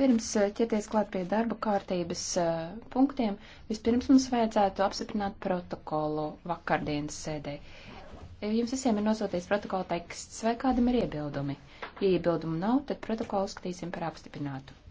Pirms eh, ķerties klāt pie darba kārtības eh, punktiem, vispirms mums vajadzētu apstiprināt protokolu vakardienas sēdē. Eh, jums visiem ir nosūtīts protokola teksts, vai kādam ir iebildumi? Ja iebildumu nav, tad protokolu skatīsim par apstiprinātu.